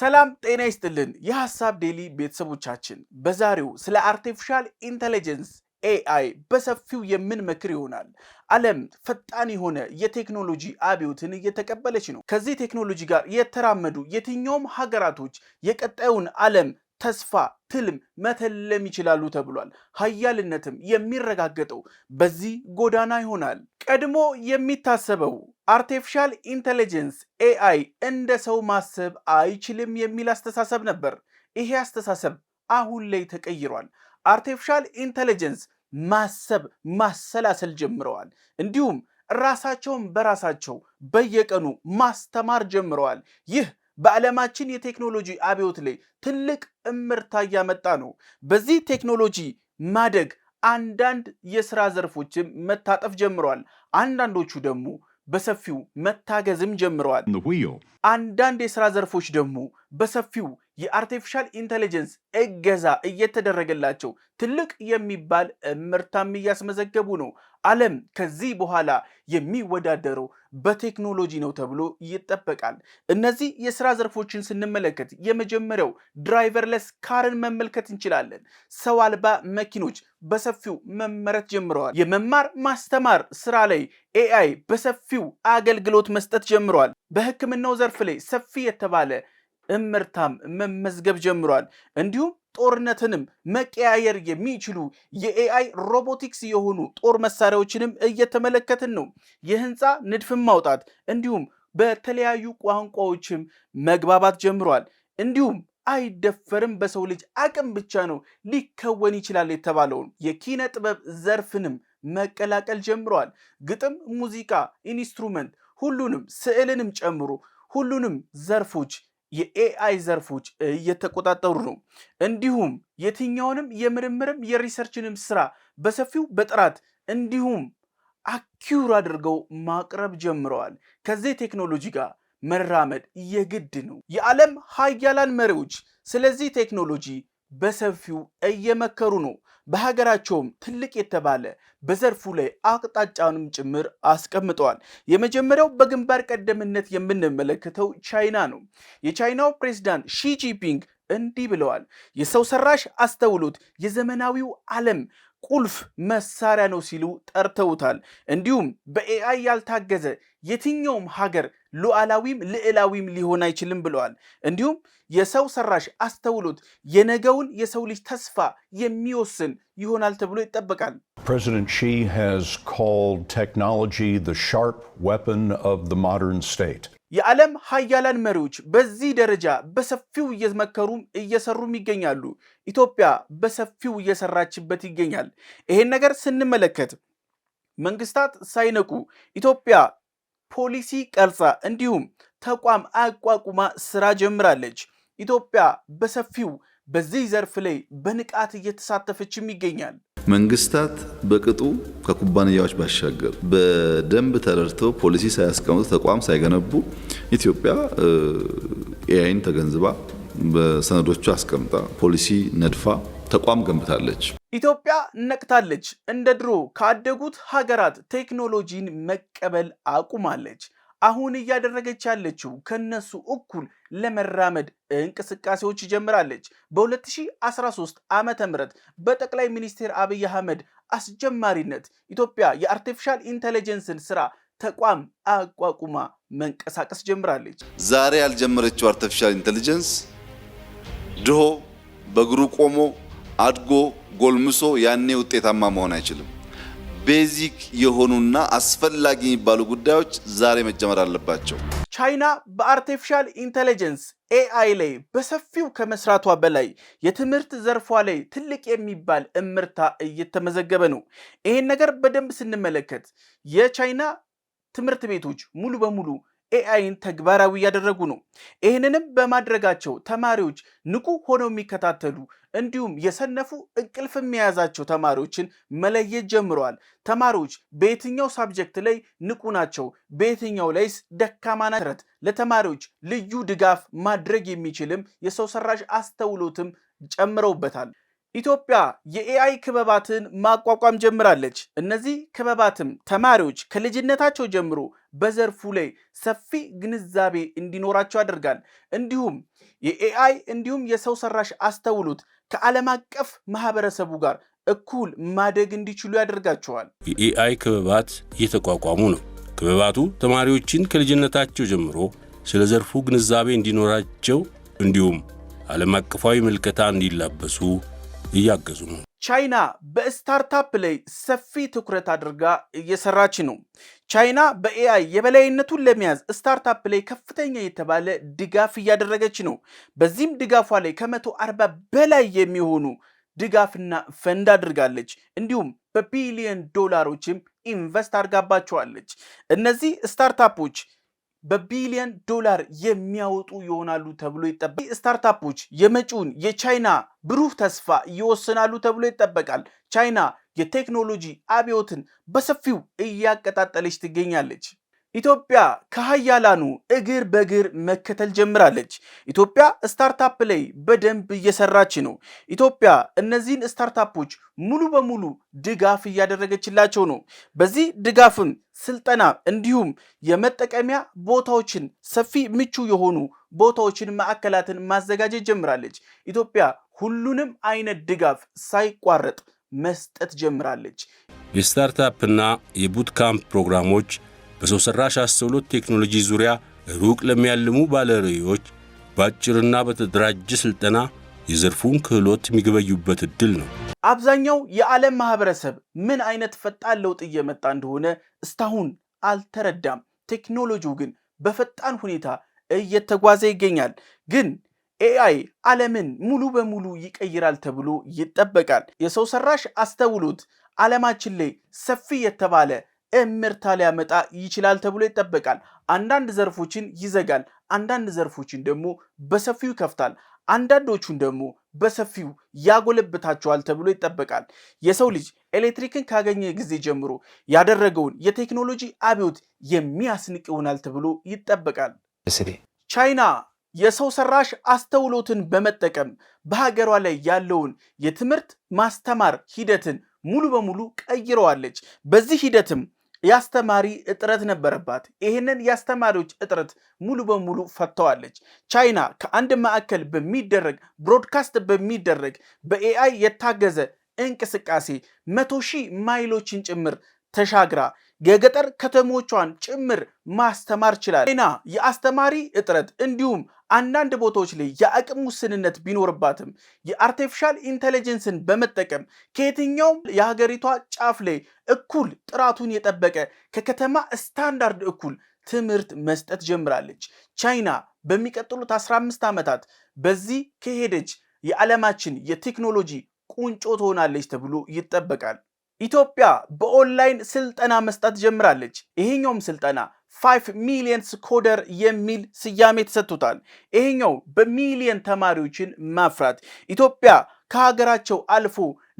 ሰላም ጤና ይስጥልን። የሀሳብ ዴሊ ቤተሰቦቻችን በዛሬው ስለ አርቲፊሻል ኢንተለጀንስ ኤአይ በሰፊው የምንመክር ይሆናል። ዓለም ፈጣን የሆነ የቴክኖሎጂ አብዮትን እየተቀበለች ነው። ከዚህ ቴክኖሎጂ ጋር የተራመዱ የትኛውም ሀገራቶች የቀጣዩን ዓለም ተስፋ፣ ትልም መተለም ይችላሉ ተብሏል። ሀያልነትም የሚረጋገጠው በዚህ ጎዳና ይሆናል። ቀድሞ የሚታሰበው አርቴፊሻል ኢንተለጀንስ ኤአይ እንደ ሰው ማሰብ አይችልም የሚል አስተሳሰብ ነበር። ይሄ አስተሳሰብ አሁን ላይ ተቀይሯል። አርቴፊሻል ኢንተለጀንስ ማሰብ ማሰላሰል ጀምረዋል። እንዲሁም ራሳቸውን በራሳቸው በየቀኑ ማስተማር ጀምረዋል። ይህ በዓለማችን የቴክኖሎጂ አብዮት ላይ ትልቅ እምርታ እያመጣ ነው። በዚህ ቴክኖሎጂ ማደግ አንዳንድ የስራ ዘርፎችም መታጠፍ ጀምረዋል። አንዳንዶቹ ደግሞ በሰፊው መታገዝም ጀምረዋል። አንዳንድ የስራ ዘርፎች ደግሞ በሰፊው የአርቲፊሻል ኢንቴሊጀንስ እገዛ እየተደረገላቸው ትልቅ የሚባል ምርታም እያስመዘገቡ ነው። ዓለም ከዚህ በኋላ የሚወዳደረው በቴክኖሎጂ ነው ተብሎ ይጠበቃል። እነዚህ የስራ ዘርፎችን ስንመለከት የመጀመሪያው ድራይቨርለስ ካርን መመልከት እንችላለን። ሰው አልባ መኪኖች በሰፊው መመረት ጀምረዋል። የመማር ማስተማር ስራ ላይ ኤአይ በሰፊው አገልግሎት መስጠት ጀምረዋል። በሕክምናው ዘርፍ ላይ ሰፊ የተባለ እምርታም መመዝገብ ጀምሯል። እንዲሁም ጦርነትንም መቀያየር የሚችሉ የኤአይ ሮቦቲክስ የሆኑ ጦር መሳሪያዎችንም እየተመለከትን ነው። የህንፃ ንድፍን ማውጣት እንዲሁም በተለያዩ ቋንቋዎችም መግባባት ጀምሯል። እንዲሁም አይደፈርም በሰው ልጅ አቅም ብቻ ነው ሊከወን ይችላል የተባለውን የኪነ ጥበብ ዘርፍንም መቀላቀል ጀምሯል ግጥም፣ ሙዚቃ፣ ኢንስትሩመንት ሁሉንም ስዕልንም ጨምሮ ሁሉንም ዘርፎች የኤአይ ዘርፎች እየተቆጣጠሩ ነው። እንዲሁም የትኛውንም የምርምርም የሪሰርችንም ስራ በሰፊው በጥራት እንዲሁም አኪዩር አድርገው ማቅረብ ጀምረዋል። ከዚህ ቴክኖሎጂ ጋር መራመድ የግድ ነው። የዓለም ሀያላን መሪዎች ስለዚህ ቴክኖሎጂ በሰፊው እየመከሩ ነው። በሀገራቸውም ትልቅ የተባለ በዘርፉ ላይ አቅጣጫንም ጭምር አስቀምጠዋል። የመጀመሪያው በግንባር ቀደምትነት የምንመለከተው ቻይና ነው። የቻይናው ፕሬዚዳንት ሺጂፒንግ እንዲህ ብለዋል። የሰው ሰራሽ አስተውሎት የዘመናዊው ዓለም ቁልፍ መሳሪያ ነው ሲሉ ጠርተውታል። እንዲሁም በኤአይ ያልታገዘ የትኛውም ሀገር ሉዓላዊም ልዕላዊም ሊሆን አይችልም ብለዋል። እንዲሁም የሰው ሰራሽ አስተውሎት የነገውን የሰው ልጅ ተስፋ የሚወስን ይሆናል ተብሎ ይጠበቃል። ፕሬዚደንት ሺ ሃዝ ኮልድ ቴክኖሎጂ ዘ ሻርፕ ዌፐን ኦፍ ዘ ሞደርን ስቴት። የዓለም ሀያላን መሪዎች በዚህ ደረጃ በሰፊው እየመከሩም እየሰሩም ይገኛሉ። ኢትዮጵያ በሰፊው እየሰራችበት ይገኛል። ይሄን ነገር ስንመለከት መንግስታት ሳይነቁ ኢትዮጵያ ፖሊሲ ቀርጻ እንዲሁም ተቋም አቋቁማ ስራ ጀምራለች። ኢትዮጵያ በሰፊው በዚህ ዘርፍ ላይ በንቃት እየተሳተፈችም ይገኛል። መንግስታት በቅጡ ከኩባንያዎች ባሻገር በደንብ ተረድተው ፖሊሲ ሳያስቀምጡ ተቋም ሳይገነቡ ኢትዮጵያ ኤአይን ተገንዝባ በሰነዶቹ አስቀምጣ ፖሊሲ ነድፋ ተቋም ገንብታለች። ኢትዮጵያ ነቅታለች። እንደ ድሮ ካደጉት ሀገራት ቴክኖሎጂን መቀበል አቁማለች። አሁን እያደረገች ያለችው ከነሱ እኩል ለመራመድ እንቅስቃሴዎች ጀምራለች። በ2013 ዓ ም በጠቅላይ ሚኒስትር አብይ አህመድ አስጀማሪነት ኢትዮጵያ የአርቲፊሻል ኢንተለጀንስን ስራ ተቋም አቋቁማ መንቀሳቀስ ጀምራለች። ዛሬ ያልጀመረችው አርቲፊሻል ኢንተለጀንስ ድሆ በእግሩ ቆሞ አድጎ ጎልምሶ ያኔ ውጤታማ መሆን አይችልም። ቤዚክ የሆኑና አስፈላጊ የሚባሉ ጉዳዮች ዛሬ መጀመር አለባቸው። ቻይና በአርቲፊሻል ኢንቴሊጀንስ ኤአይ ላይ በሰፊው ከመስራቷ በላይ የትምህርት ዘርፏ ላይ ትልቅ የሚባል እምርታ እየተመዘገበ ነው። ይህን ነገር በደንብ ስንመለከት የቻይና ትምህርት ቤቶች ሙሉ በሙሉ ኤአይን ተግባራዊ እያደረጉ ነው። ይህንንም በማድረጋቸው ተማሪዎች ንቁ ሆነው የሚከታተሉ እንዲሁም የሰነፉ እንቅልፍ የሚያያዛቸው ተማሪዎችን መለየት ጀምረዋል። ተማሪዎች በየትኛው ሳብጀክት ላይ ንቁ ናቸው፣ በየትኛው ላይስ ደካማ ናቸው። ለተማሪዎች ልዩ ድጋፍ ማድረግ የሚችልም የሰው ሰራሽ አስተውሎትም ጨምረውበታል። ኢትዮጵያ የኤአይ ክበባትን ማቋቋም ጀምራለች። እነዚህ ክበባትም ተማሪዎች ከልጅነታቸው ጀምሮ በዘርፉ ላይ ሰፊ ግንዛቤ እንዲኖራቸው ያደርጋል። እንዲሁም የኤአይ እንዲሁም የሰው ሰራሽ አስተውሎት ከዓለም አቀፍ ማህበረሰቡ ጋር እኩል ማደግ እንዲችሉ ያደርጋቸዋል። የኤአይ ክበባት እየተቋቋሙ ነው። ክበባቱ ተማሪዎችን ከልጅነታቸው ጀምሮ ስለ ዘርፉ ግንዛቤ እንዲኖራቸው እንዲሁም ዓለም አቀፋዊ ምልከታ እንዲላበሱ እያገዙ ነው። ቻይና በስታርታፕ ላይ ሰፊ ትኩረት አድርጋ እየሰራች ነው። ቻይና በኤአይ የበላይነቱን ለመያዝ ስታርታፕ ላይ ከፍተኛ የተባለ ድጋፍ እያደረገች ነው። በዚህም ድጋፏ ላይ ከመቶ አርባ በላይ የሚሆኑ ድጋፍና ፈንድ አድርጋለች። እንዲሁም በቢሊዮን ዶላሮችም ኢንቨስት አድርጋባቸዋለች። እነዚህ ስታርታፖች በቢሊየን ዶላር የሚያወጡ ይሆናሉ ተብሎ ይጠበቃል። ስታርታፖች የመጪውን የቻይና ብሩህ ተስፋ ይወስናሉ ተብሎ ይጠበቃል። ቻይና የቴክኖሎጂ አብዮትን በሰፊው እያቀጣጠለች ትገኛለች። ኢትዮጵያ ከሀያላኑ እግር በእግር መከተል ጀምራለች። ኢትዮጵያ ስታርታፕ ላይ በደንብ እየሰራች ነው። ኢትዮጵያ እነዚህን ስታርታፖች ሙሉ በሙሉ ድጋፍ እያደረገችላቸው ነው። በዚህ ድጋፍም ስልጠና፣ እንዲሁም የመጠቀሚያ ቦታዎችን ሰፊ ምቹ የሆኑ ቦታዎችን፣ ማዕከላትን ማዘጋጀት ጀምራለች። ኢትዮጵያ ሁሉንም አይነት ድጋፍ ሳይቋረጥ መስጠት ጀምራለች። የስታርታፕና የቡትካምፕ ፕሮግራሞች በሰው ሠራሽ አስተውሎት ቴክኖሎጂ ዙሪያ ሩቅ ለሚያልሙ ባለርዕዮች በአጭርና በተደራጀ ሥልጠና የዘርፉን ክህሎት የሚገበዩበት ዕድል ነው። አብዛኛው የዓለም ማህበረሰብ ምን አይነት ፈጣን ለውጥ እየመጣ እንደሆነ እስካሁን አልተረዳም። ቴክኖሎጂው ግን በፈጣን ሁኔታ እየተጓዘ ይገኛል። ግን ኤአይ ዓለምን ሙሉ በሙሉ ይቀይራል ተብሎ ይጠበቃል። የሰው ሰራሽ አስተውሎት ዓለማችን ላይ ሰፊ የተባለ እምርታ ሊያመጣ ይችላል ተብሎ ይጠበቃል። አንዳንድ ዘርፎችን ይዘጋል፣ አንዳንድ ዘርፎችን ደግሞ በሰፊው ይከፍታል፣ አንዳንዶቹን ደግሞ በሰፊው ያጎለብታቸዋል ተብሎ ይጠበቃል። የሰው ልጅ ኤሌክትሪክን ካገኘ ጊዜ ጀምሮ ያደረገውን የቴክኖሎጂ አብዮት የሚያስንቅ ይሆናል ተብሎ ይጠበቃል። ቻይና የሰው ሰራሽ አስተውሎትን በመጠቀም በሀገሯ ላይ ያለውን የትምህርት ማስተማር ሂደትን ሙሉ በሙሉ ቀይረዋለች። በዚህ ሂደትም የአስተማሪ እጥረት ነበረባት። ይህንን የአስተማሪዎች እጥረት ሙሉ በሙሉ ፈተዋለች። ቻይና ከአንድ ማዕከል በሚደረግ ብሮድካስት በሚደረግ በኤአይ የታገዘ እንቅስቃሴ መቶ ሺህ ማይሎችን ጭምር ተሻግራ የገጠር ከተሞቿን ጭምር ማስተማር ችላል። ቻይና የአስተማሪ እጥረት እንዲሁም አንዳንድ ቦታዎች ላይ የአቅም ውስንነት ቢኖርባትም የአርቲፊሻል ኢንቴሊጀንስን በመጠቀም ከየትኛውም የሀገሪቷ ጫፍ ላይ እኩል ጥራቱን የጠበቀ ከከተማ ስታንዳርድ እኩል ትምህርት መስጠት ጀምራለች። ቻይና በሚቀጥሉት 15 ዓመታት በዚህ ከሄደች የዓለማችን የቴክኖሎጂ ቁንጮ ትሆናለች ተብሎ ይጠበቃል። ኢትዮጵያ በኦንላይን ስልጠና መስጠት ጀምራለች። ይሄኛውም ስልጠና ፋይቭ ሚሊየንስ ኮደር የሚል ስያሜ ተሰጥቶታል። ይሄኛው በሚሊየን ተማሪዎችን ማፍራት ኢትዮጵያ ከሀገራቸው አልፎ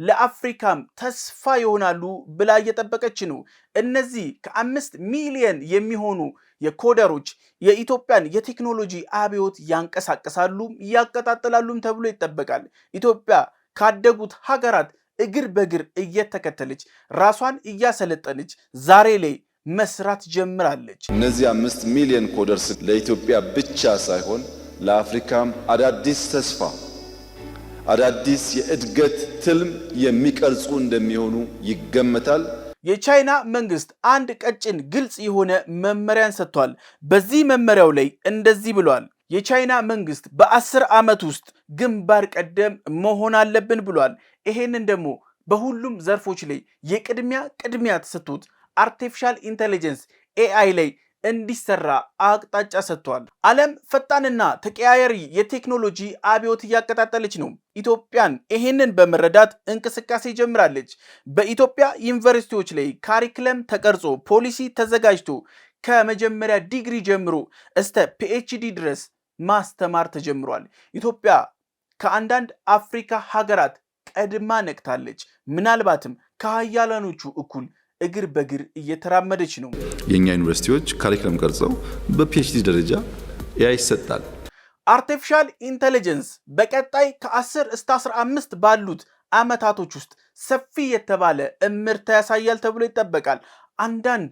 ለአፍሪካም ተስፋ ይሆናሉ ብላ እየጠበቀች ነው። እነዚህ ከአምስት ሚሊየን የሚሆኑ የኮደሮች የኢትዮጵያን የቴክኖሎጂ አብዮት ያንቀሳቀሳሉም ያቀጣጥላሉም ተብሎ ይጠበቃል። ኢትዮጵያ ካደጉት ሀገራት እግር በእግር እየተከተለች ራሷን እያሰለጠነች ዛሬ ላይ መስራት ጀምራለች። እነዚህ አምስት ሚሊዮን ኮደርስ ለኢትዮጵያ ብቻ ሳይሆን ለአፍሪካም አዳዲስ ተስፋ አዳዲስ የእድገት ትልም የሚቀርጹ እንደሚሆኑ ይገመታል። የቻይና መንግስት አንድ ቀጭን ግልጽ የሆነ መመሪያን ሰጥቷል። በዚህ መመሪያው ላይ እንደዚህ ብሏል። የቻይና መንግስት በአስር ዓመት ውስጥ ግንባር ቀደም መሆን አለብን ብሏል። ይሄንን ደግሞ በሁሉም ዘርፎች ላይ የቅድሚያ ቅድሚያ ተሰጥቶት አርቲፊሻል ኢንቴሊጀንስ ኤአይ ላይ እንዲሰራ አቅጣጫ ሰጥቷል። ዓለም ፈጣንና ተቀያያሪ የቴክኖሎጂ አብዮት እያቀጣጠለች ነው። ኢትዮጵያን ይሄንን በመረዳት እንቅስቃሴ ጀምራለች። በኢትዮጵያ ዩኒቨርሲቲዎች ላይ ካሪክለም ተቀርጾ ፖሊሲ ተዘጋጅቶ ከመጀመሪያ ዲግሪ ጀምሮ እስተ ፒኤችዲ ድረስ ማስተማር ተጀምሯል። ኢትዮጵያ ከአንዳንድ አፍሪካ ሀገራት ቀድማ ነቅታለች። ምናልባትም ከሀያላኖቹ እኩል እግር በእግር እየተራመደች ነው። የእኛ ዩኒቨርሲቲዎች ካሪክለም ቀርጸው በፒኤችዲ ደረጃ ያ ይሰጣል። አርቲፊሻል ኢንቴሊጀንስ በቀጣይ ከ10 እስከ 15 ባሉት ዓመታቶች ውስጥ ሰፊ የተባለ እምርታ ያሳያል ተብሎ ይጠበቃል። አንዳንድ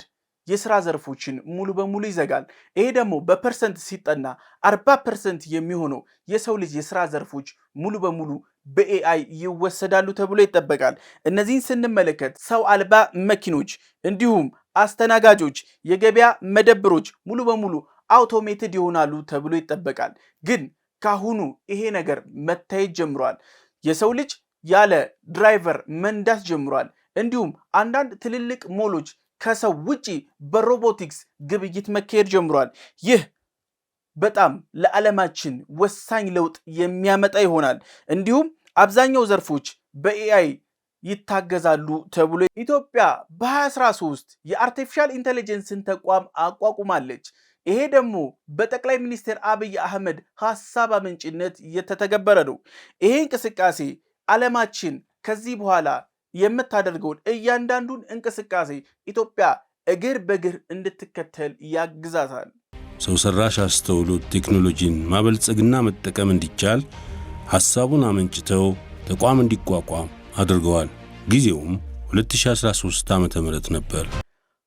የስራ ዘርፎችን ሙሉ በሙሉ ይዘጋል። ይሄ ደግሞ በፐርሰንት ሲጠና 40 ፐርሰንት የሚሆነው የሰው ልጅ የስራ ዘርፎች ሙሉ በሙሉ በኤአይ ይወሰዳሉ ተብሎ ይጠበቃል። እነዚህን ስንመለከት ሰው አልባ መኪኖች እንዲሁም አስተናጋጆች፣ የገበያ መደብሮች ሙሉ በሙሉ አውቶሜትድ ይሆናሉ ተብሎ ይጠበቃል። ግን ካሁኑ ይሄ ነገር መታየት ጀምሯል። የሰው ልጅ ያለ ድራይቨር መንዳት ጀምሯል። እንዲሁም አንዳንድ ትልልቅ ሞሎች ከሰው ውጪ በሮቦቲክስ ግብይት መካሄድ ጀምሯል። ይህ በጣም ለዓለማችን ወሳኝ ለውጥ የሚያመጣ ይሆናል። እንዲሁም አብዛኛው ዘርፎች በኤአይ ይታገዛሉ ተብሎ ኢትዮጵያ በ2013 የአርቲፊሻል ኢንቴሊጀንስን ተቋም አቋቁማለች። ይሄ ደግሞ በጠቅላይ ሚኒስትር አብይ አህመድ ሀሳብ አመንጭነት እየተተገበረ ነው። ይሄ እንቅስቃሴ ዓለማችን ከዚህ በኋላ የምታደርገውን እያንዳንዱን እንቅስቃሴ ኢትዮጵያ እግር በእግር እንድትከተል ያግዛታል። ሰው ሰራሽ አስተውሎት ቴክኖሎጂን ማበልጸግና መጠቀም እንዲቻል ሐሳቡን አመንጭተው ተቋም እንዲቋቋም አድርገዋል። ጊዜውም 2013 ዓ ም ነበር።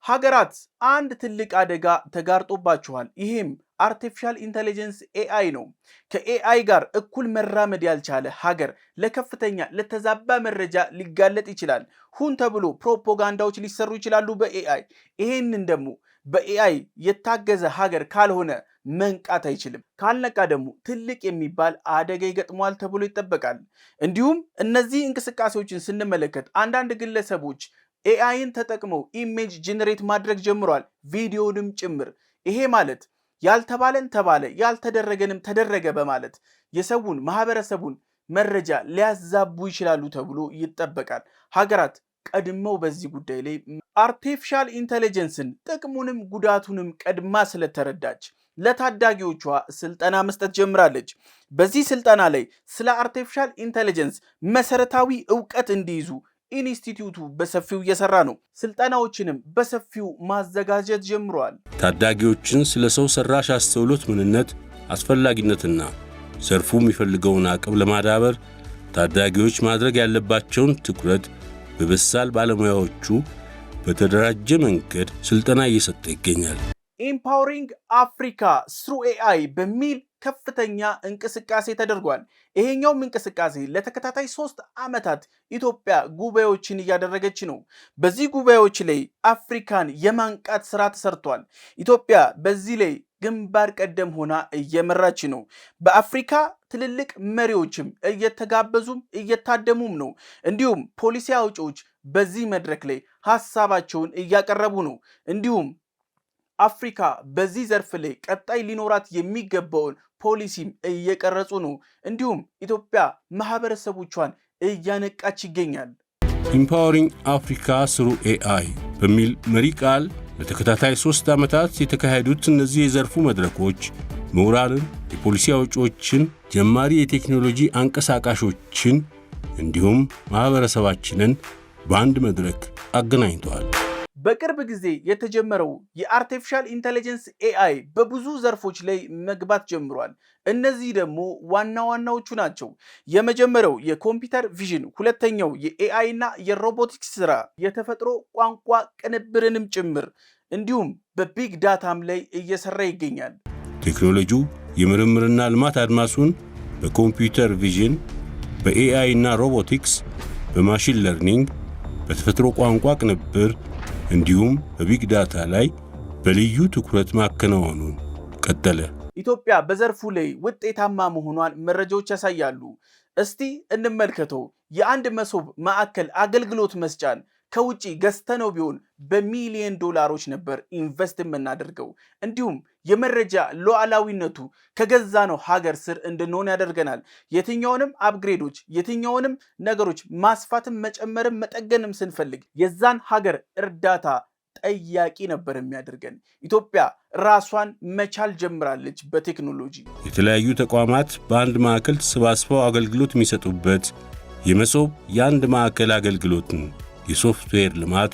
ሀገራት አንድ ትልቅ አደጋ ተጋርጦባቸዋል። ይህም አርቲፊሻል ኢንቴሊጀንስ ኤአይ ነው። ከኤአይ ጋር እኩል መራመድ ያልቻለ ሀገር ለከፍተኛ ለተዛባ መረጃ ሊጋለጥ ይችላል። ሁን ተብሎ ፕሮፓጋንዳዎች ሊሰሩ ይችላሉ በኤአይ ይህንን ደግሞ በኤአይ የታገዘ ሀገር ካልሆነ መንቃት አይችልም። ካልነቃ ደግሞ ትልቅ የሚባል አደጋ ይገጥመዋል ተብሎ ይጠበቃል። እንዲሁም እነዚህ እንቅስቃሴዎችን ስንመለከት አንዳንድ ግለሰቦች ኤአይን ተጠቅመው ኢሜጅ ጄኔሬት ማድረግ ጀምሯል፣ ቪዲዮንም ጭምር። ይሄ ማለት ያልተባለን ተባለ ያልተደረገንም ተደረገ በማለት የሰውን ማህበረሰቡን መረጃ ሊያዛቡ ይችላሉ ተብሎ ይጠበቃል። ሀገራት ቀድመው በዚህ ጉዳይ ላይ አርቴፊሻል ኢንተለጀንስን ጥቅሙንም ጉዳቱንም ቀድማ ስለተረዳች ለታዳጊዎቿ ስልጠና መስጠት ጀምራለች። በዚህ ስልጠና ላይ ስለ አርቴፊሻል ኢንተለጀንስ መሰረታዊ እውቀት እንዲይዙ ኢንስቲትዩቱ በሰፊው እየሰራ ነው። ስልጠናዎችንም በሰፊው ማዘጋጀት ጀምረዋል። ታዳጊዎችን ስለ ሰው ሰራሽ አስተውሎት ምንነት፣ አስፈላጊነትና ዘርፉ የሚፈልገውን አቅም ለማዳበር ታዳጊዎች ማድረግ ያለባቸውን ትኩረት በበሳል ባለሙያዎቹ በተደራጀ መንገድ ስልጠና እየሰጠ ይገኛል። ኢምፓወሪንግ አፍሪካ ስሩ ኤአይ በሚል ከፍተኛ እንቅስቃሴ ተደርጓል። ይሄኛውም እንቅስቃሴ ለተከታታይ ሶስት ዓመታት ኢትዮጵያ ጉባኤዎችን እያደረገች ነው። በዚህ ጉባኤዎች ላይ አፍሪካን የማንቃት ስራ ተሰርቷል። ኢትዮጵያ በዚህ ላይ ግንባር ቀደም ሆና እየመራች ነው። በአፍሪካ ትልልቅ መሪዎችም እየተጋበዙም እየታደሙም ነው። እንዲሁም ፖሊሲ አውጪዎች በዚህ መድረክ ላይ ሀሳባቸውን እያቀረቡ ነው። እንዲሁም አፍሪካ በዚህ ዘርፍ ላይ ቀጣይ ሊኖራት የሚገባውን ፖሊሲም እየቀረጹ ነው። እንዲሁም ኢትዮጵያ ማህበረሰቦቿን እያነቃች ይገኛል። ኢምፓወሪንግ አፍሪካ ስሩ ኤአይ በሚል መሪ ቃል ለተከታታይ ሶስት ዓመታት የተካሄዱት እነዚህ የዘርፉ መድረኮች ምሁራንን፣ የፖሊሲ አውጪዎችን፣ ጀማሪ የቴክኖሎጂ አንቀሳቃሾችን እንዲሁም ማኅበረሰባችንን በአንድ መድረክ አገናኝተዋል። በቅርብ ጊዜ የተጀመረው የአርቲፊሻል ኢንቴሊጀንስ ኤአይ በብዙ ዘርፎች ላይ መግባት ጀምሯል። እነዚህ ደግሞ ዋና ዋናዎቹ ናቸው። የመጀመሪያው የኮምፒውተር ቪዥን፣ ሁለተኛው የኤአይ እና የሮቦቲክስ ስራ፣ የተፈጥሮ ቋንቋ ቅንብርንም ጭምር እንዲሁም በቢግ ዳታም ላይ እየሰራ ይገኛል። ቴክኖሎጂው የምርምርና ልማት አድማሱን በኮምፒውተር ቪዥን፣ በኤአይ እና ሮቦቲክስ፣ በማሽን ለርኒንግ፣ በተፈጥሮ ቋንቋ ቅንብር እንዲሁም በቢግ ዳታ ላይ በልዩ ትኩረት ማከናወኑን ቀጠለ። ኢትዮጵያ በዘርፉ ላይ ውጤታማ መሆኗን መረጃዎች ያሳያሉ። እስቲ እንመልከተው። የአንድ መሶብ ማዕከል አገልግሎት መስጫን ከውጪ ገዝተነው ቢሆን በሚሊየን ዶላሮች ነበር ኢንቨስት የምናደርገው። እንዲሁም የመረጃ ሉዓላዊነቱ ከገዛ ነው ሀገር ስር እንድንሆን ያደርገናል። የትኛውንም አፕግሬዶች፣ የትኛውንም ነገሮች ማስፋትም፣ መጨመርም መጠገንም ስንፈልግ የዛን ሀገር እርዳታ ጠያቂ ነበር የሚያደርገን። ኢትዮጵያ ራሷን መቻል ጀምራለች። በቴክኖሎጂ የተለያዩ ተቋማት በአንድ ማዕከል ተሰባስበው አገልግሎት የሚሰጡበት የመሶብ የአንድ ማዕከል አገልግሎትን የሶፍትዌር ልማት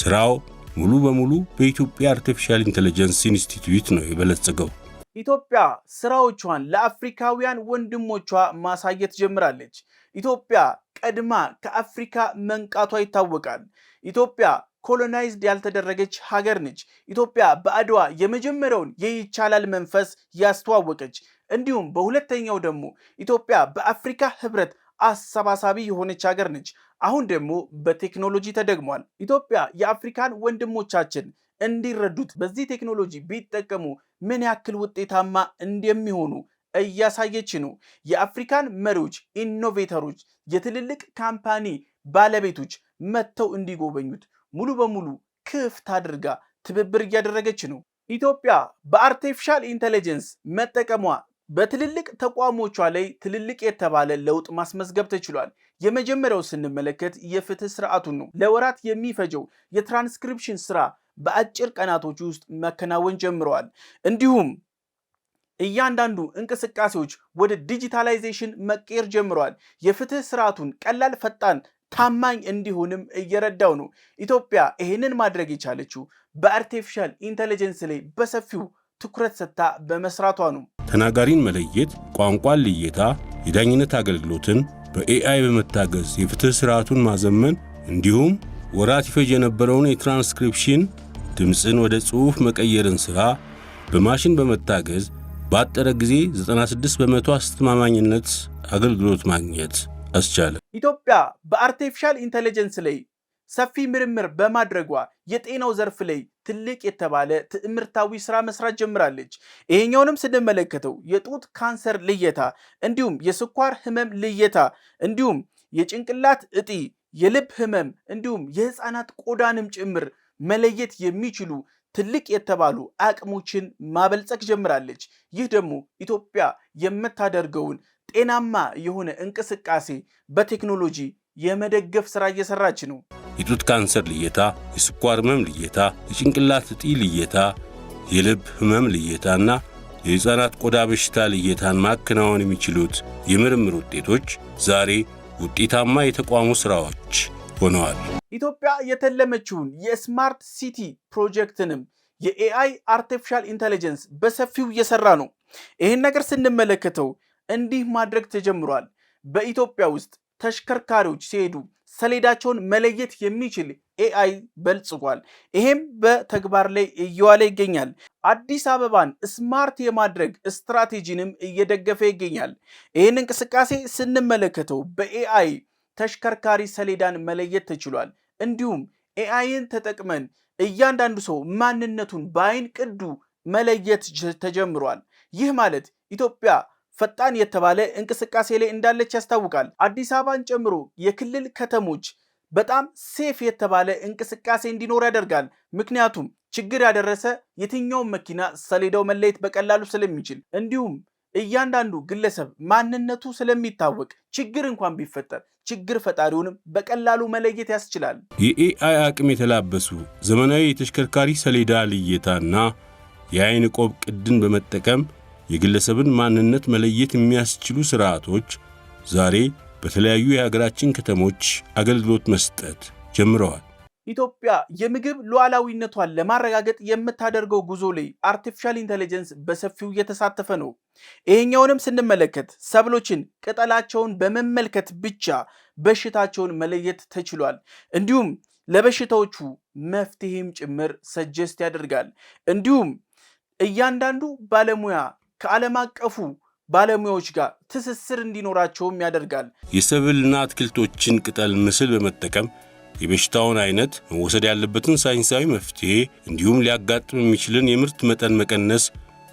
ስራው ሙሉ በሙሉ በኢትዮጵያ አርቲፊሻል ኢንቴሊጀንስ ኢንስቲትዩት ነው የበለጸገው። ኢትዮጵያ ስራዎቿን ለአፍሪካውያን ወንድሞቿ ማሳየት ጀምራለች። ኢትዮጵያ ቀድማ ከአፍሪካ መንቃቷ ይታወቃል። ኢትዮጵያ ኮሎናይዝድ ያልተደረገች ሀገር ነች። ኢትዮጵያ በአድዋ የመጀመሪያውን የይቻላል መንፈስ ያስተዋወቀች እንዲሁም በሁለተኛው ደግሞ ኢትዮጵያ በአፍሪካ ህብረት አሰባሳቢ የሆነች ሀገር ነች። አሁን ደግሞ በቴክኖሎጂ ተደግሟል። ኢትዮጵያ የአፍሪካን ወንድሞቻችን እንዲረዱት በዚህ ቴክኖሎጂ ቢጠቀሙ ምን ያክል ውጤታማ እንደሚሆኑ እያሳየች ነው። የአፍሪካን መሪዎች፣ ኢኖቬተሮች፣ የትልልቅ ካምፓኒ ባለቤቶች መጥተው እንዲጎበኙት ሙሉ በሙሉ ክፍት አድርጋ ትብብር እያደረገች ነው። ኢትዮጵያ በአርቲፊሻል ኢንቴሊጀንስ መጠቀሟ በትልልቅ ተቋሞቿ ላይ ትልልቅ የተባለ ለውጥ ማስመዝገብ ተችሏል። የመጀመሪያው ስንመለከት የፍትህ ስርዓቱን ነው። ለወራት የሚፈጀው የትራንስክሪፕሽን ስራ በአጭር ቀናቶች ውስጥ መከናወን ጀምረዋል። እንዲሁም እያንዳንዱ እንቅስቃሴዎች ወደ ዲጂታላይዜሽን መቀየር ጀምረዋል። የፍትህ ስርዓቱን ቀላል፣ ፈጣን ታማኝ እንዲሆንም እየረዳው ነው። ኢትዮጵያ ይህንን ማድረግ የቻለችው በአርቲፊሻል ኢንተለጀንስ ላይ በሰፊው ትኩረት ሰጥታ በመስራቷ ነው። ተናጋሪን መለየት፣ ቋንቋን ልየታ፣ የዳኝነት አገልግሎትን በኤአይ በመታገዝ የፍትህ ስርዓቱን ማዘመን እንዲሁም ወራት ይፈጅ የነበረውን የትራንስክሪፕሽን ድምፅን ወደ ጽሑፍ መቀየርን ሥራ በማሽን በመታገዝ ባጠረ ጊዜ 96 በመቶ አስተማማኝነት አገልግሎት ማግኘት አስቻለ። ኢትዮጵያ በአርቴፊሻል ኢንቴሊጀንስ ላይ ሰፊ ምርምር በማድረጓ የጤናው ዘርፍ ላይ ትልቅ የተባለ ትዕምርታዊ ስራ መስራት ጀምራለች። ይሄኛውንም ስንመለከተው የጡት ካንሰር ልየታ፣ እንዲሁም የስኳር ህመም ልየታ፣ እንዲሁም የጭንቅላት እጢ፣ የልብ ህመም እንዲሁም የህፃናት ቆዳንም ጭምር መለየት የሚችሉ ትልቅ የተባሉ አቅሞችን ማበልጸግ ጀምራለች። ይህ ደግሞ ኢትዮጵያ የምታደርገውን ጤናማ የሆነ እንቅስቃሴ በቴክኖሎጂ የመደገፍ ስራ እየሰራች ነው። የጡት ካንሰር ልየታ፣ የስኳር ህመም ልየታ፣ የጭንቅላት እጢ ልየታ፣ የልብ ህመም ልየታና የሕፃናት ቆዳ በሽታ ልየታን ማከናወን የሚችሉት የምርምር ውጤቶች ዛሬ ውጤታማ የተቋሙ ስራዎች ሆነዋል። ኢትዮጵያ የተለመችውን የስማርት ሲቲ ፕሮጀክትንም የኤአይ አርቲፊሻል ኢንቴሊጀንስ በሰፊው እየሰራ ነው። ይህን ነገር ስንመለከተው እንዲህ ማድረግ ተጀምሯል። በኢትዮጵያ ውስጥ ተሽከርካሪዎች ሲሄዱ ሰሌዳቸውን መለየት የሚችል ኤአይ በልጽጓል። ይሄም በተግባር ላይ እየዋለ ይገኛል። አዲስ አበባን ስማርት የማድረግ ስትራቴጂንም እየደገፈ ይገኛል። ይህን እንቅስቃሴ ስንመለከተው በኤአይ ተሽከርካሪ ሰሌዳን መለየት ተችሏል። እንዲሁም ኤአይን ተጠቅመን እያንዳንዱ ሰው ማንነቱን በአይን ቅዱ መለየት ተጀምሯል። ይህ ማለት ኢትዮጵያ ፈጣን የተባለ እንቅስቃሴ ላይ እንዳለች ያስታውቃል። አዲስ አበባን ጨምሮ የክልል ከተሞች በጣም ሴፍ የተባለ እንቅስቃሴ እንዲኖር ያደርጋል። ምክንያቱም ችግር ያደረሰ የትኛውም መኪና ሰሌዳው መለየት በቀላሉ ስለሚችል እንዲሁም እያንዳንዱ ግለሰብ ማንነቱ ስለሚታወቅ ችግር እንኳን ቢፈጠር ችግር ፈጣሪውንም በቀላሉ መለየት ያስችላል። የኤአይ አቅም የተላበሱ ዘመናዊ የተሽከርካሪ ሰሌዳ ልየታና የአይን ቆብ ቅድን በመጠቀም የግለሰብን ማንነት መለየት የሚያስችሉ ሥርዓቶች ዛሬ በተለያዩ የሀገራችን ከተሞች አገልግሎት መስጠት ጀምረዋል። ኢትዮጵያ የምግብ ሉዓላዊነቷን ለማረጋገጥ የምታደርገው ጉዞ ላይ አርቲፊሻል ኢንቴሊጀንስ በሰፊው እየተሳተፈ ነው። ይሄኛውንም ስንመለከት ሰብሎችን ቅጠላቸውን በመመልከት ብቻ በሽታቸውን መለየት ተችሏል። እንዲሁም ለበሽታዎቹ መፍትሄም ጭምር ሰጀስት ያደርጋል። እንዲሁም እያንዳንዱ ባለሙያ ከዓለም አቀፉ ባለሙያዎች ጋር ትስስር እንዲኖራቸውም ያደርጋል። የሰብልና አትክልቶችን ቅጠል ምስል በመጠቀም የበሽታውን አይነት፣ መወሰድ ያለበትን ሳይንሳዊ መፍትሄ እንዲሁም ሊያጋጥም የሚችልን የምርት መጠን መቀነስ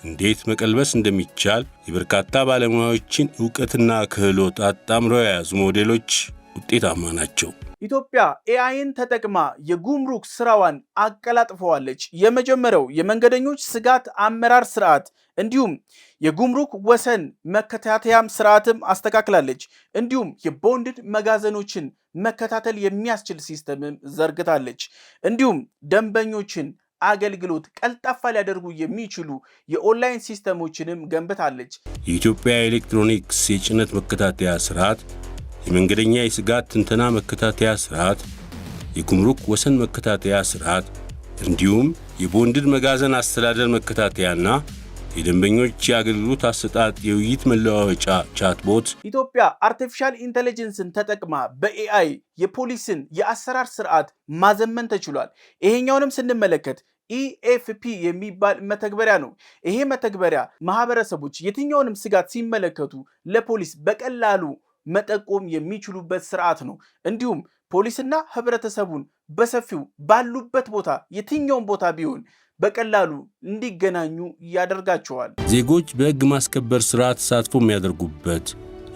እንዴት መቀልበስ እንደሚቻል የበርካታ ባለሙያዎችን እውቀትና ክህሎት አጣምረው የያዙ ሞዴሎች ውጤታማ ናቸው። ኢትዮጵያ ኤአይን ተጠቅማ የጉምሩክ ስራዋን አቀላጥፈዋለች። የመጀመሪያው የመንገደኞች ስጋት አመራር ስርዓት እንዲሁም የጉምሩክ ወሰን መከታተያም ስርዓትም አስተካክላለች። እንዲሁም የቦንድድ መጋዘኖችን መከታተል የሚያስችል ሲስተምም ዘርግታለች። እንዲሁም ደንበኞችን አገልግሎት ቀልጣፋ ሊያደርጉ የሚችሉ የኦንላይን ሲስተሞችንም ገንብታለች። የኢትዮጵያ ኤሌክትሮኒክስ የጭነት መከታተያ ስርዓት የመንገደኛ የስጋት ትንተና መከታተያ ስርዓት፣ የጉምሩክ ወሰን መከታተያ ስርዓት እንዲሁም የቦንድድ መጋዘን አስተዳደር መከታተያና የደንበኞች የአገልግሎት አሰጣጥ የውይይት መለዋወጫ ቻትቦት። ኢትዮጵያ አርቲፊሻል ኢንቴሊጀንስን ተጠቅማ በኤአይ የፖሊስን የአሰራር ስርዓት ማዘመን ተችሏል። ይሄኛውንም ስንመለከት ኢኤፍፒ e የሚባል መተግበሪያ ነው። ይሄ መተግበሪያ ማህበረሰቦች የትኛውንም ስጋት ሲመለከቱ ለፖሊስ በቀላሉ መጠቆም የሚችሉበት ስርዓት ነው። እንዲሁም ፖሊስና ህብረተሰቡን በሰፊው ባሉበት ቦታ የትኛውም ቦታ ቢሆን በቀላሉ እንዲገናኙ ያደርጋቸዋል። ዜጎች በሕግ ማስከበር ሥራ ተሳትፎ የሚያደርጉበት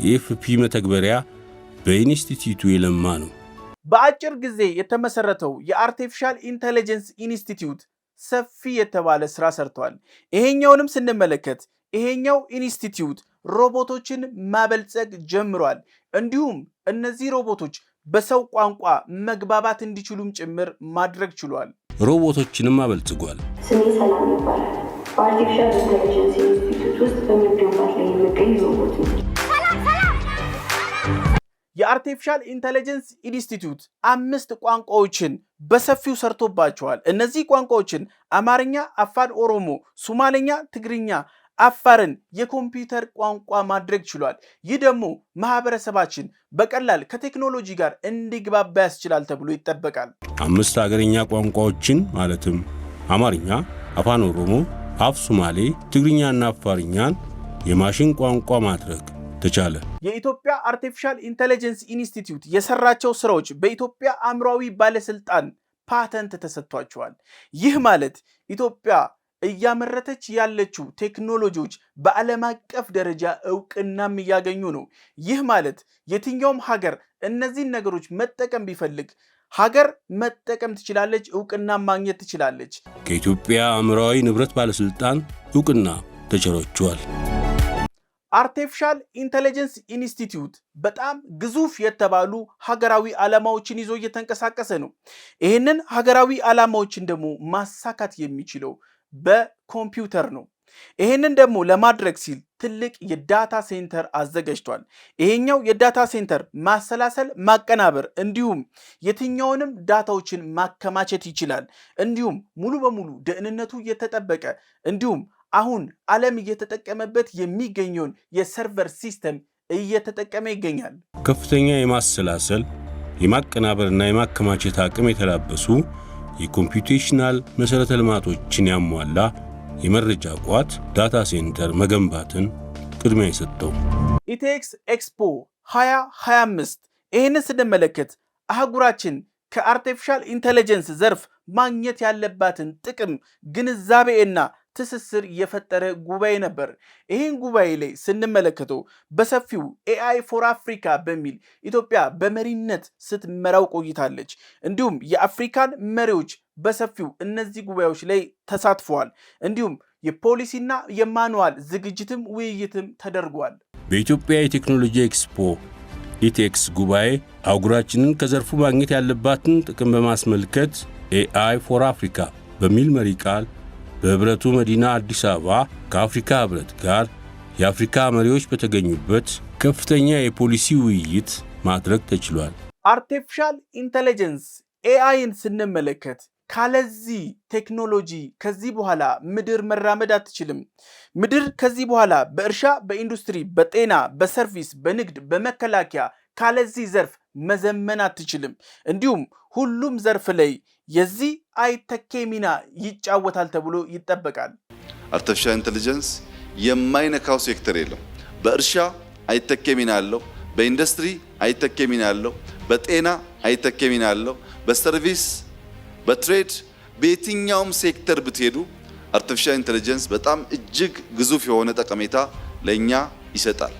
የኤፍፒ መተግበሪያ በኢንስቲትዩቱ የለማ ነው። በአጭር ጊዜ የተመሰረተው የአርቲፊሻል ኢንተለጀንስ ኢንስቲትዩት ሰፊ የተባለ ሥራ ሰርቷል። ይሄኛውንም ስንመለከት ይሄኛው ኢንስቲትዩት ሮቦቶችን ማበልጸግ ጀምሯል። እንዲሁም እነዚህ ሮቦቶች በሰው ቋንቋ መግባባት እንዲችሉም ጭምር ማድረግ ችሏል። ሮቦቶችንም አበልጽጓል። ስሜ ሰላም ይባላል። በአርቲፊሻል ኢንቴሊጀንስ ኢንስቲትዩት ውስጥ በምደማት ላይ የሚገኝ ሮቦት ነው። የአርቲፊሻል ኢንቴሊጀንስ ኢንስቲትዩት አምስት ቋንቋዎችን በሰፊው ሰርቶባቸዋል። እነዚህ ቋንቋዎችን አማርኛ፣ አፋን ኦሮሞ፣ ሱማሌኛ፣ ትግርኛ አፋርን የኮምፒውተር ቋንቋ ማድረግ ችሏል። ይህ ደግሞ ማህበረሰባችን በቀላል ከቴክኖሎጂ ጋር እንዲግባባ ያስችላል ተብሎ ይጠበቃል። አምስት አገረኛ ቋንቋዎችን ማለትም አማርኛ፣ አፋን ኦሮሞ፣ አፍ ሱማሌ፣ ትግርኛና አፋርኛን የማሽን ቋንቋ ማድረግ ተቻለ። የኢትዮጵያ አርቲፊሻል ኢንቴሊጀንስ ኢንስቲትዩት የሰራቸው ስራዎች በኢትዮጵያ አእምሯዊ ባለስልጣን ፓተንት ተሰጥቷቸዋል። ይህ ማለት ኢትዮጵያ እያመረተች ያለችው ቴክኖሎጂዎች በዓለም አቀፍ ደረጃ እውቅናም እያገኙ ነው። ይህ ማለት የትኛውም ሀገር እነዚህን ነገሮች መጠቀም ቢፈልግ ሀገር መጠቀም ትችላለች፣ እውቅና ማግኘት ትችላለች። ከኢትዮጵያ አእምሯዊ ንብረት ባለስልጣን እውቅና ተቸሮችዋል። አርቴፊሻል ኢንቴሊጀንስ ኢንስቲትዩት በጣም ግዙፍ የተባሉ ሀገራዊ ዓላማዎችን ይዞ እየተንቀሳቀሰ ነው። ይህንን ሀገራዊ ዓላማዎችን ደግሞ ማሳካት የሚችለው በኮምፒውተር ነው። ይህንን ደግሞ ለማድረግ ሲል ትልቅ የዳታ ሴንተር አዘጋጅቷል። ይሄኛው የዳታ ሴንተር ማሰላሰል፣ ማቀናበር እንዲሁም የትኛውንም ዳታዎችን ማከማቸት ይችላል። እንዲሁም ሙሉ በሙሉ ደህንነቱ እየተጠበቀ እንዲሁም አሁን ዓለም እየተጠቀመበት የሚገኘውን የሰርቨር ሲስተም እየተጠቀመ ይገኛል። ከፍተኛ የማሰላሰል የማቀናበርና የማከማቸት አቅም የተላበሱ የኮምፒውቴሽናል መሠረተ ልማቶችን ያሟላ የመረጃ ቋት ዳታ ሴንተር መገንባትን ቅድሚያ የሰጠው ኢቴክስ ኤክስፖ 2025 ይህንን ስንመለከት አህጉራችን ከአርቲፊሻል ኢንቴሊጀንስ ዘርፍ ማግኘት ያለባትን ጥቅም ግንዛቤና ትስስር የፈጠረ ጉባኤ ነበር። ይህን ጉባኤ ላይ ስንመለከተው በሰፊው ኤአይ ፎር አፍሪካ በሚል ኢትዮጵያ በመሪነት ስትመራው ቆይታለች። እንዲሁም የአፍሪካን መሪዎች በሰፊው እነዚህ ጉባኤዎች ላይ ተሳትፈዋል። እንዲሁም የፖሊሲና የማኑዋል ዝግጅትም ውይይትም ተደርጓል። በኢትዮጵያ የቴክኖሎጂ ኤክስፖ ኢቴክስ ጉባኤ አህጉራችንን ከዘርፉ ማግኘት ያለባትን ጥቅም በማስመልከት ኤአይ ፎር አፍሪካ በሚል መሪ ቃል በህብረቱ መዲና አዲስ አበባ ከአፍሪካ ኅብረት ጋር የአፍሪካ መሪዎች በተገኙበት ከፍተኛ የፖሊሲ ውይይት ማድረግ ተችሏል። አርቲፊሻል ኢንቴሊጀንስ ኤአይን ስንመለከት ካለዚህ ቴክኖሎጂ ከዚህ በኋላ ምድር መራመድ አትችልም። ምድር ከዚህ በኋላ በእርሻ፣ በኢንዱስትሪ፣ በጤና፣ በሰርቪስ፣ በንግድ፣ በመከላከያ ካለዚህ ዘርፍ መዘመን አትችልም። እንዲሁም ሁሉም ዘርፍ ላይ የዚህ አይተኬ ሚና ይጫወታል ተብሎ ይጠበቃል። አርቲፊሻል ኢንቴሊጀንስ የማይነካው ሴክተር የለም። በእርሻ አይተኬ ሚና አለው። በኢንዱስትሪ አይተኬ ሚና አለው። በጤና አይተኬ ሚና አለው። በሰርቪስ፣ በትሬድ፣ በየትኛውም ሴክተር ብትሄዱ አርቲፊሻል ኢንቴሊጀንስ በጣም እጅግ ግዙፍ የሆነ ጠቀሜታ ለእኛ ይሰጣል።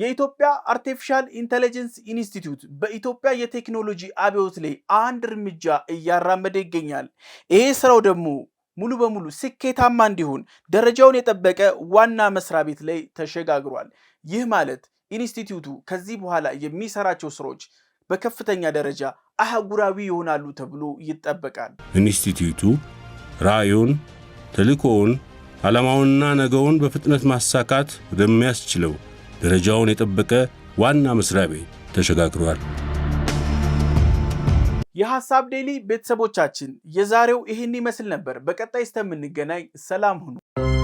የኢትዮጵያ አርቲፊሻል ኢንቴሊጀንስ ኢንስቲትዩት በኢትዮጵያ የቴክኖሎጂ አብዮት ላይ አንድ እርምጃ እያራመደ ይገኛል። ይሄ ስራው ደግሞ ሙሉ በሙሉ ስኬታማ እንዲሆን ደረጃውን የጠበቀ ዋና መስሪያ ቤት ላይ ተሸጋግሯል። ይህ ማለት ኢንስቲትዩቱ ከዚህ በኋላ የሚሰራቸው ስራዎች በከፍተኛ ደረጃ አህጉራዊ ይሆናሉ ተብሎ ይጠበቃል። ኢንስቲትዩቱ ራዕዩን፣ ተልእኮውን፣ ዓላማውንና ነገውን በፍጥነት ማሳካት ወደሚያስችለው ደረጃውን የጠበቀ ዋና መስሪያ ቤት ተሸጋግሯል። የሀሳብ ዴሊ ቤተሰቦቻችን የዛሬው ይህን ይመስል ነበር። በቀጣይ እስከምንገናኝ ሰላም ሁኑ።